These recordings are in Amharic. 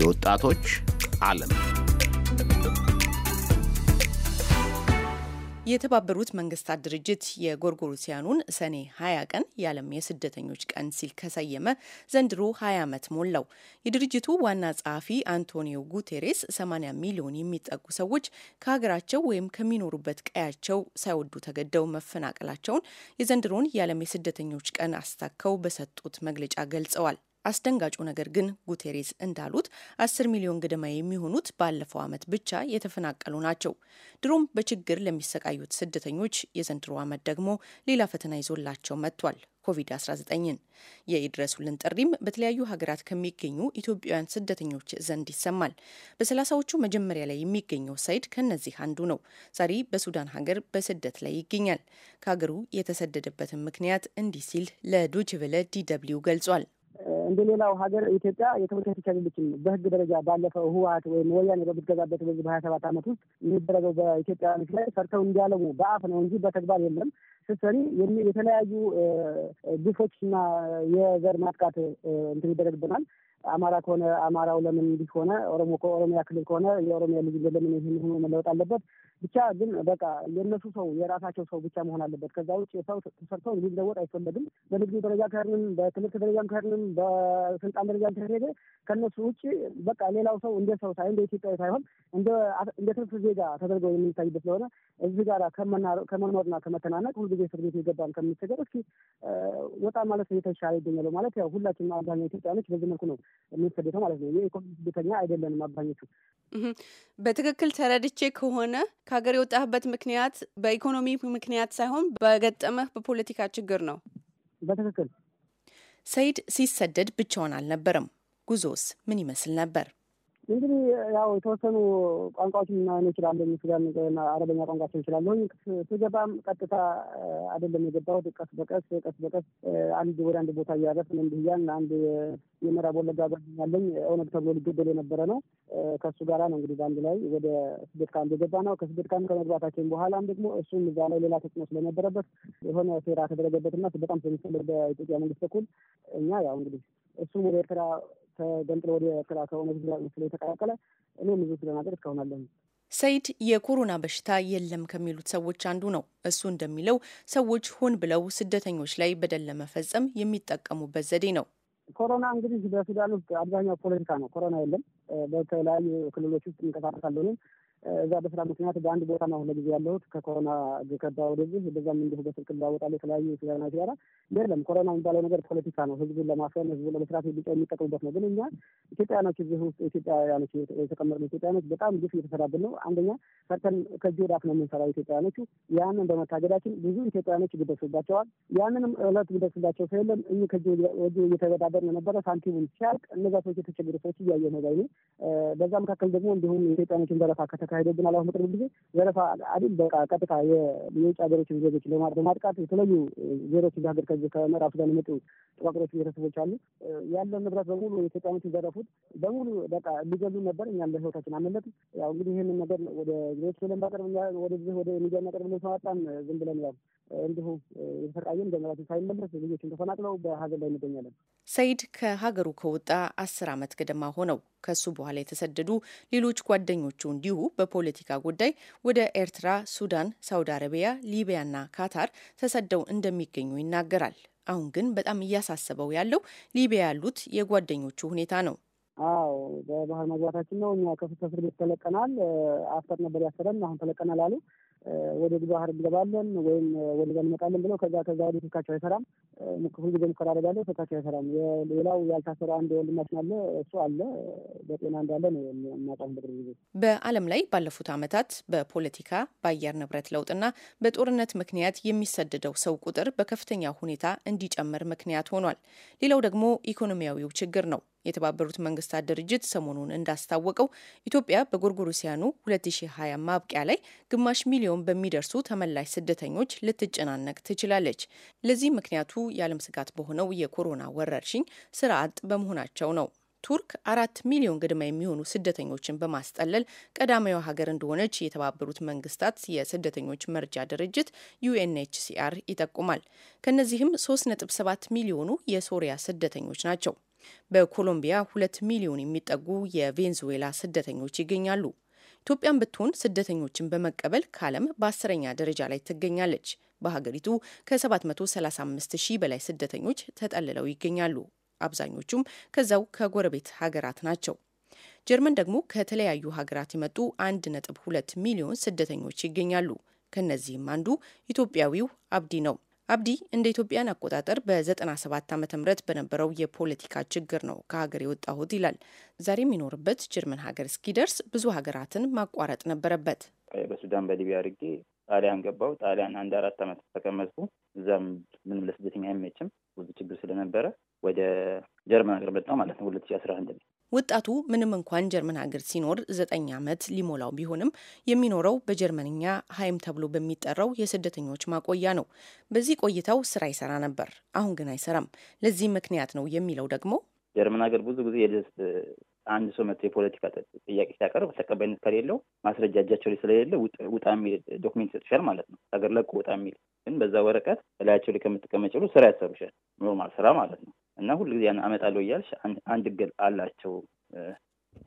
የወጣቶች ዓለም የተባበሩት መንግስታት ድርጅት የጎርጎሮሲያኑን ሰኔ 20 ቀን የዓለም የስደተኞች ቀን ሲል ከሰየመ ዘንድሮ 20 ዓመት ሞላው። የድርጅቱ ዋና ጸሐፊ አንቶኒዮ ጉቴሬስ 80 ሚሊዮን የሚጠጉ ሰዎች ከሀገራቸው ወይም ከሚኖሩበት ቀያቸው ሳይወዱ ተገደው መፈናቀላቸውን የዘንድሮን የዓለም የስደተኞች ቀን አስታከው በሰጡት መግለጫ ገልጸዋል። አስደንጋጩ ነገር ግን ጉቴሬስ እንዳሉት አስር ሚሊዮን ገደማ የሚሆኑት ባለፈው ዓመት ብቻ የተፈናቀሉ ናቸው። ድሮም በችግር ለሚሰቃዩት ስደተኞች የዘንድሮ ዓመት ደግሞ ሌላ ፈተና ይዞላቸው መጥቷል። ኮቪድ-19ን የይድረሱልን ጥሪም በተለያዩ ሀገራት ከሚገኙ ኢትዮጵያውያን ስደተኞች ዘንድ ይሰማል። በሰላሳዎቹ መጀመሪያ ላይ የሚገኘው ሰይድ ከነዚህ አንዱ ነው። ዛሬ በሱዳን ሀገር በስደት ላይ ይገኛል። ከሀገሩ የተሰደደበትን ምክንያት እንዲህ ሲል ለዶችቨለ ዲደብሊው ገልጿል። እንደ ሌላው ሀገር ኢትዮጵያ የተመቻቸች አይደለችም። በህግ ደረጃ ባለፈው ህወሀት ወይም ወያኔ በምትገዛበት በዚህ በሀያ ሰባት አመት ውስጥ የሚደረገው በኢትዮጵያውያኖች ላይ ሰርተው እንዲያለሙ በአፍ ነው እንጂ በተግባር የለም። ስትሰሪ የተለያዩ ግፎች እና የዘር ማጥቃት እንትን ይደረግብናል። አማራ ከሆነ አማራው ለምን እንዲህ ሆነ፣ ኦሮሞ ከኦሮሚያ ክልል ከሆነ የኦሮሚያ ልጅ ለምን ይህን ሆኖ መለወጥ አለበት? ብቻ ግን በቃ የእነሱ ሰው የራሳቸው ሰው ብቻ መሆን አለበት። ከዛ ውጭ የሰው ተሰርተው ሊለወጥ አይፈለግም። በንግድ ደረጃ ከርንም፣ በትምህርት ደረጃም ከርንም፣ በስልጣን ደረጃ ከሄደ ከእነሱ ውጭ በቃ ሌላው ሰው እንደ ሰው ሳይሆን እንደ ኢትዮጵያዊ ሳይሆን እንደ ትርፍ ዜጋ ተደርገው የምንታይበት ስለሆነ እዚህ ጋር ከመኖርና ከመተናነቅ ሁልጊዜ እስር ቤት የገባን ከምንቸገር እስኪ ወጣ ማለት የተሻለ ይገኛሉ ማለት ያው ሁላችንም አብዛኛው ኢትዮጵያኖች በዚህ መልኩ ነው የሚሰደተው ማለት ነው። የኢኮኖሚ ስደተኛ አይደለንም አብዛኞቹ። በትክክል ተረድቼ ከሆነ ከሀገር የወጣህበት ምክንያት በኢኮኖሚ ምክንያት ሳይሆን በገጠመህ በፖለቲካ ችግር ነው። በትክክል ሰይድ ሲሰደድ ብቻውን አልነበረም። ጉዞስ ምን ይመስል ነበር? እንግዲህ ያው የተወሰኑ ቋንቋዎች ቋንቋዎችን ምናምን እችላለሁ። ሱዳን አረበኛ ቋንቋ እችላለሁ። ስገባም ቀጥታ አይደለም የገባሁት። ቀስ በቀስ ቀስ በቀስ አንድ ወደ አንድ ቦታ እያረፍ እንድያን አንድ የምዕራብ ወለጋ ጓደኛ አለኝ። ኦነግ ተብሎ ሊገደል የነበረ ነው። ከእሱ ጋራ ነው እንግዲህ በአንድ ላይ ወደ ስደት ካምፕ የገባ ነው። ከስደት ካምፕ ከመግባታችን በኋላም ደግሞ እሱም እዛ ላይ ሌላ ተጽዕኖ ስለነበረበት የሆነ ሴራ ተደረገበትና በጣም ስለሚፈለግ በኢትዮጵያ መንግስት በኩል እኛ ያው እንግዲህ እሱም ወደ ኤርትራ ተገንጥሎ ወደ ከላከው ምስል የተቀላቀለ እኔ ምዙ ስለናገር እስካሁን አለን። ሰይድ የኮሮና በሽታ የለም ከሚሉት ሰዎች አንዱ ነው። እሱ እንደሚለው ሰዎች ሆን ብለው ስደተኞች ላይ በደል ለመፈጸም የሚጠቀሙበት ዘዴ ነው። ኮሮና እንግዲህ በሱዳን ውስጥ አብዛኛው ፖለቲካ ነው። ኮሮና የለም። በተለያዩ ክልሎች ውስጥ እንቀሳቀሳለንም እዛ በስራ ምክንያት በአንድ ቦታ ነው ለጊዜ ያለሁት። ከኮሮና ከባ ወደዚህ በዛም እንዲሁ በስልክ ለወጣሉ የተለያዩ ሲዛና ሲያራ የለም። ኮሮና የሚባለው ነገር ፖለቲካ ነው። ህዝቡን ለማፈን ህዝቡን ለመስራት ብቻ የሚጠቅሙበት ነው። ግን እኛ ኢትዮጵያኖች እዚህ ውስጥ ኢትዮጵያኖች የተቀመጥነው ኢትዮጵያኖች በጣም ግፍ እየተሰራብን ነው። አንደኛ ሰርተን ከእጅ ወዳፍ ነው የምንሰራው ኢትዮጵያኖቹ። ያንን በመታገዳችን ብዙ ኢትዮጵያኖች ይደርሱባቸዋል። ያንንም እለት ይደርስባቸው ስለለም እ ከእጅ ወዲህ እየተበዳደርን ነበረ። ሳንቲሙን ሲያልቅ እነዛ ሰዎች የተቸገሩ ሰዎች እያየ ነው በዛ መካከል ደግሞ እንዲሁም የኢትዮጵያኖችን ዘረፋ ከተከ ተካሂዶብን አላሁ መቅርብ ጊዜ ዘረፋ አይደል በቃ ቀጥታ የውጭ ሀገሮችን ዜጎች ለማጥቃት የተለዩ ዜሮች እንደ ሀገር ከዚህ ከምዕራብ ሱዳን የመጡ ጥቋቁሮች ቤተሰቦች አሉ። ያለን ንብረት በሙሉ ኢትዮጵያኖች ዘረፉት በሙሉ በቃ ሊገሉ ነበር። እኛም ለህይወታችን አመለጥ። ያው እንግዲህ ይህንን ነገር ወደ ዜጎች ብለን ባቀርብ ወደዚህ ወደ ሚዲያ እናቀርብ ብለን ሰማጣን ዝም ብለን ያው እንዲሁ የተሰቃየን ገንዘባችን ሳይመለስ ልጆችን ተፈናቅለው በሀገር ላይ እንገኛለን። ሰይድ ከሀገሩ ከወጣ አስር ዓመት ገደማ ሆነው ከሱ በኋላ የተሰደዱ ሌሎች ጓደኞቹ እንዲሁ በፖለቲካ ጉዳይ ወደ ኤርትራ፣ ሱዳን፣ ሳውዲ አረቢያ፣ ሊቢያና ካታር ተሰደው እንደሚገኙ ይናገራል። አሁን ግን በጣም እያሳሰበው ያለው ሊቢያ ያሉት የጓደኞቹ ሁኔታ ነው። አዎ በባህር መግባታችን ነው። እኛ ከእስር ቤት ተለቀናል። አፍጠር ነበር ያሰረን፣ አሁን ተለቀናል አሉ ወደ ብዙ ባህር እንገባለን ወይም ወደዛ እንመጣለን ብለው ከዛ ከዛ ወደ ስልካቸው አይሰራም። ሁል ጊዜ ሙከራ አደርጋለሁ፣ ስልካቸው አይሰራም። ሌላው ያልታሰረ አንድ ወንድማችን አለ፣ እሱ አለ በጤና እንዳለ ነው የሚያጣም ብድር ጊዜ በዓለም ላይ ባለፉት ዓመታት በፖለቲካ በአየር ንብረት ለውጥና በጦርነት ምክንያት የሚሰደደው ሰው ቁጥር በከፍተኛ ሁኔታ እንዲጨምር ምክንያት ሆኗል። ሌላው ደግሞ ኢኮኖሚያዊው ችግር ነው። የተባበሩት መንግስታት ድርጅት ሰሞኑን እንዳስታወቀው ኢትዮጵያ በጎርጎሮሲያኑ 2020 ማብቂያ ላይ ግማሽ ሚሊዮን በሚደርሱ ተመላሽ ስደተኞች ልትጨናነቅ ትችላለች። ለዚህ ምክንያቱ የዓለም ስጋት በሆነው የኮሮና ወረርሽኝ ስራ አጥ በመሆናቸው ነው። ቱርክ አራት ሚሊዮን ገድማ የሚሆኑ ስደተኞችን በማስጠለል ቀዳሚዋ ሀገር እንደሆነች የተባበሩት መንግስታት የስደተኞች መርጃ ድርጅት ዩኤንኤችሲአር ይጠቁማል። ከነዚህም 3.7 ሚሊዮኑ የሶሪያ ስደተኞች ናቸው። በኮሎምቢያ ሁለት ሚሊዮን የሚጠጉ የቬንዙዌላ ስደተኞች ይገኛሉ። ኢትዮጵያን ብትሆን ስደተኞችን በመቀበል ከዓለም በአስረኛ ደረጃ ላይ ትገኛለች። በሀገሪቱ ከ735 ሺህ በላይ ስደተኞች ተጠልለው ይገኛሉ። አብዛኞቹም ከዛው ከጎረቤት ሀገራት ናቸው። ጀርመን ደግሞ ከተለያዩ ሀገራት የመጡ 1.2 ሚሊዮን ስደተኞች ይገኛሉ። ከነዚህም አንዱ ኢትዮጵያዊው አብዲ ነው። አብዲ እንደ ኢትዮጵያን አቆጣጠር በ97 ዓ ም በነበረው የፖለቲካ ችግር ነው ከሀገር የወጣሁት ይላል። ዛሬ የሚኖርበት ጀርመን ሀገር እስኪደርስ ብዙ ሀገራትን ማቋረጥ ነበረበት። በሱዳን በሊቢያ አድርጌ ጣሊያን ገባው። ጣሊያን አንድ አራት ዓመት ተቀመጥኩ። እዛም ምንም ለስደተኛ አይመችም ብዙ ችግር ስለነበረ ወደ ጀርመን ሀገር መጣሁ ማለት ነው ሁለት ሺ አስራ አንድ ላይ ወጣቱ ምንም እንኳን ጀርመን ሀገር ሲኖር ዘጠኝ ዓመት ሊሞላው ቢሆንም የሚኖረው በጀርመንኛ ሀይም ተብሎ በሚጠራው የስደተኞች ማቆያ ነው። በዚህ ቆይታው ስራ ይሰራ ነበር፣ አሁን ግን አይሰራም። ለዚህ ምክንያት ነው የሚለው ደግሞ ጀርመን ሀገር ብዙ ጊዜ የደስ አንድ ሰው መጥቶ የፖለቲካ ጥያቄ ሲያቀርብ ተቀባይነት ከሌለው ማስረጃ እጃቸው ላይ ስለሌለ ውጣ የሚል ዶክሜንት ይሰጡሻል ማለት ነው። ሀገር ለቁ ውጣ የሚል ግን በዛ ወረቀት እላያቸው ላይ ከምትቀመጭሉ ስራ ያሰሩሻል። ኖርማል ስራ ማለት ነው። እና ሁል ጊዜ አመጣለሁ እያልሽ አንድ ገጽ አላቸው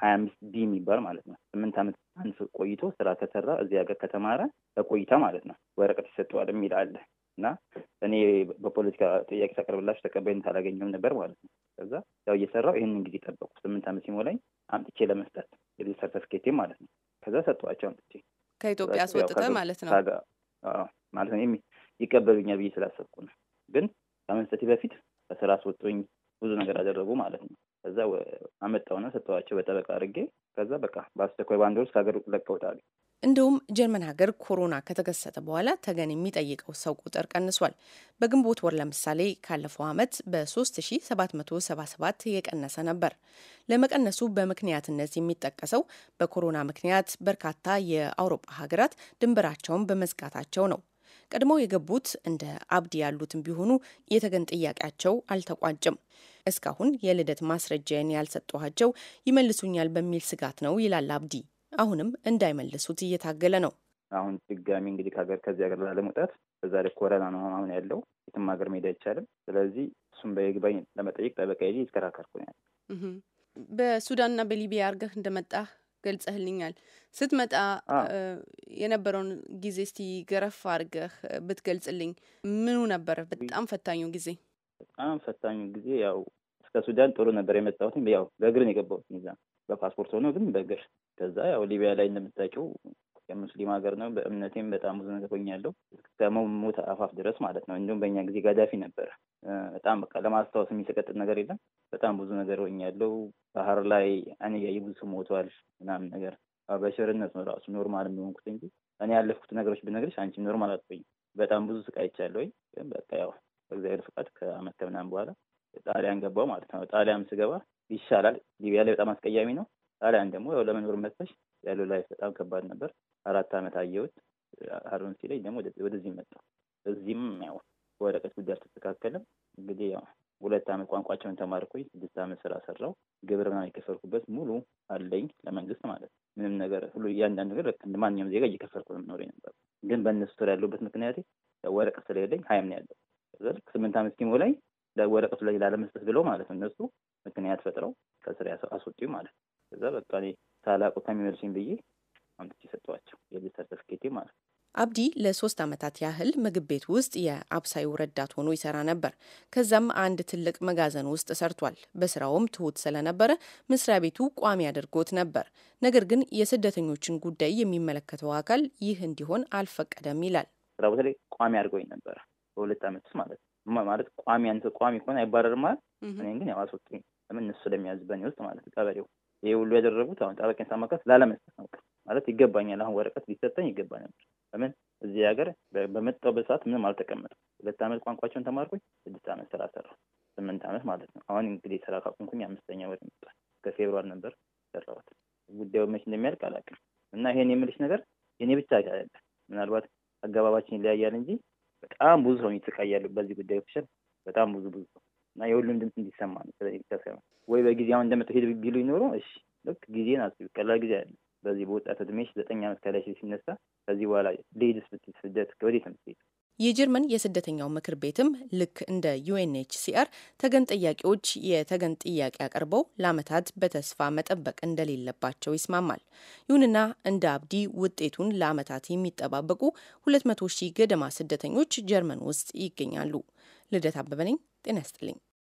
ሀያ አምስት ቢ የሚባል ማለት ነው። ስምንት ዓመት አንድ ሰው ቆይቶ ስራ ከሰራ እዚህ ሀገር ከተማረ በቆይታ ማለት ነው ወረቀት ይሰጠዋል የሚል አለ እና እኔ በፖለቲካ ጥያቄ ሳቀርብላችሁ ተቀባይነት አላገኘም ነበር ማለት ነው። ከዛ ያው እየሰራው ይህንን ጊዜ ጠበቁ። ስምንት ዓመት ሲሞላኝ አምጥቼ ለመስጠት የዚህ ሰርተፍኬቴ ማለት ነው። ከዛ ሰጠዋቸው አምጥቼ ከኢትዮጵያ አስወጥተ ማለት ነው ማለት ነው ይቀበሉኛል ብዬ ስላሰብኩ ነው። ግን ከመስጠቴ በፊት ከስራ አስወጡኝ። ብዙ ነገር አደረጉ ማለት ነው። ከዛ አመጣውና ሰጠዋቸው በጠበቃ አድርጌ። ከዛ በቃ በአስቸኳይ በአንድ ወር ከሀገር ለቀውታሉ። እንደውም ጀርመን ሀገር ኮሮና ከተከሰተ በኋላ ተገን የሚጠይቀው ሰው ቁጥር ቀንሷል። በግንቦት ወር ለምሳሌ ካለፈው ዓመት በ3777 የቀነሰ ነበር። ለመቀነሱ በምክንያትነት የሚጠቀሰው በኮሮና ምክንያት በርካታ የአውሮፓ ሀገራት ድንበራቸውን በመዝጋታቸው ነው። ቀድመው የገቡት እንደ አብዲ ያሉትም ቢሆኑ የተገን ጥያቄያቸው አልተቋጭም። እስካሁን የልደት ማስረጃዬን ያልሰጠኋቸው ይመልሱኛል በሚል ስጋት ነው ይላል አብዲ። አሁንም እንዳይመልሱት እየታገለ ነው። አሁን ድጋሚ እንግዲህ ከሀገር ከዚህ ሀገር ላለመውጣት በዛ ላይ ኮረና ነው አሁን ያለው የትም ሀገር መሄድ አይቻልም። ስለዚህ እሱም በይግባኝ ለመጠየቅ ጠበቃ ይዤ ይከራከርኩ ነው ያለ በሱዳንና በሊቢያ አድርገህ እንደመጣህ ገልጸህልኛል። ስትመጣ የነበረውን ጊዜ እስቲ ገረፍ አድርገህ ብትገልጽልኝ፣ ምኑ ነበር በጣም ፈታኙ ጊዜ? በጣም ፈታኙ ጊዜ ያው እስከ ሱዳን ጥሩ ነበር የመጣሁትም ያው ነው የገባሁት በፓስፖርት ሆኖ ግን በእግር ከዛ ያው ሊቢያ ላይ እንደምታውቂው የሙስሊም ሀገር ነው። በእምነቴም በጣም ብዙ ነገር ሆኛለሁ ከመሞት አፋፍ ድረስ ማለት ነው። እንዲሁም በእኛ ጊዜ ጋዳፊ ነበረ። በጣም በቃ ለማስታወስ የሚሰቀጥል ነገር የለም። በጣም ብዙ ነገር ሆኛለሁ። ባህር ላይ እኔ ያየ ብዙ ሞቷል ምናምን ነገር በሽርነት ነው ራሱ ኖርማል የሚሆንኩት እንጂ እኔ ያለፍኩት ነገሮች ብነግርሽ አንቺም ኖርማል አትሆኝም። በጣም ብዙ ስቃይቻለሁ። ግን በቃ ያው በእግዚአብሔር ፍቃድ ከአመት ከምናምን በኋላ ጣሊያን ገባው ማለት ነው። ጣሊያን ስገባ ይሻላል። ሊቢያ ላይ በጣም አስቀያሚ ነው። ጣሊያን ደግሞ ያው ለመኖር መጥተሽ ያለው ላይፍ በጣም ከባድ ነበር። አራት ዓመት አየሁት። ሀሩን ሲለኝ ደግሞ ወደዚህ መጣ። እዚህም ያው ወረቀት ጉዳይ አልተስተካከለም። እንግዲህ ያው ሁለት ዓመት ቋንቋቸውን ተማርኩኝ። ስድስት ዓመት ስራ ሰራው። ግብር የከፈልኩበት ሙሉ አለኝ ለመንግስት ማለት ነው። ምንም ነገር ሁሉ እያንዳንዱ ነገር እንደ ማንኛውም ዜጋ እየከፈልኩ ነው የምኖር ነበር። ግን በእነሱ ስራ ያለሁበት ምክንያት ወረቀት ስለሌለኝ ሀያም ነው ያለው ልክ ስምንት ዓመት ሲሞ ላይ ወረቀቱ ላይ ላለመስጠት ብለው ማለት ነው እነሱ ምክንያት ፈጥረው ከስራ አስወጡኝ ማለት ነው። ከዛ በቃ ሳላውቀው ከሚመልሱኝ ብዬ አምጥቼ ሰጠኋቸው። የቤተሰብ ስኬቴ ማለት ነው። አብዲ ለሶስት ዓመታት ያህል ምግብ ቤት ውስጥ የአብሳዩ ረዳት ሆኖ ይሰራ ነበር። ከዛም አንድ ትልቅ መጋዘን ውስጥ ሰርቷል። በስራውም ትሁት ስለነበረ መስሪያ ቤቱ ቋሚ አድርጎት ነበር። ነገር ግን የስደተኞችን ጉዳይ የሚመለከተው አካል ይህ እንዲሆን አልፈቀደም ይላል። ስራ ቦታ ላይ ቋሚ አድርጎኝ ነበረ በሁለት ዓመት ውስጥ ማለት ነው። ማለት ቋሚ አንተ ቋሚ ከሆነ አይባረርም ማለት እኔን ግን ያው አስወጡኝ። ለምን እነሱ ስለሚያዝበኔ ውስጥ ማለት ቀበሌው ይህ ሁሉ ያደረጉት አሁን ጠበቀኝ ሳማካት ላለመስጠት ነው ማለት ይገባኛል። አሁን ወረቀት ሊሰጠኝ ይገባ ነበር። ለምን እዚህ ሀገር በመጣው በሰዓት ምንም አልተቀመጥኩም። ሁለት ዓመት ቋንቋቸውን ተማርኩኝ፣ ስድስት ዓመት ስራ ሰራ፣ ስምንት ዓመት ማለት ነው። አሁን እንግዲህ ስራ ካቆምኩኝ አምስተኛ ወር ይመጣል። ከፌብሯር ነበር ሰራሁት። ጉዳዩ መች እንደሚያልቅ አላውቅም። እና ይሄን የምልሽ ነገር የኔ ብቻ አይደለም። ምናልባት አገባባችን ይለያያል እንጂ በጣም ብዙ ሰው ይሰቃያሉ በዚህ ጉዳይ ኦፊሻል በጣም ብዙ ብዙ ሰው እና የሁሉም ድምፅ እንዲሰማ ነው። ስለዚህ ብቻ ሳይሆን ወይ በጊዜ አሁን እንደመጣሁ ሄድ ቢሉ ይኖሩ እሺ፣ ልክ ጊዜን አስቢ። ቀላል ጊዜ አለ። በዚህ በወጣት እድሜሽ ዘጠኝ ዓመት ከላይ ሲነሳ ከዚህ በኋላ ልሂድ ስትይ ስደት ወዴት ነው የምትሄጂው? የጀርመን የስደተኛው ምክር ቤትም ልክ እንደ ዩኤንኤችሲአር ተገን ጠያቂዎች የተገን ጥያቄ አቅርበው ለአመታት በተስፋ መጠበቅ እንደሌለባቸው ይስማማል። ይሁንና እንደ አብዲ ውጤቱን ለአመታት የሚጠባበቁ 200 ሺህ ገደማ ስደተኞች ጀርመን ውስጥ ይገኛሉ። ልደት አበበ ነኝ። ጤና ይስጥልኝ።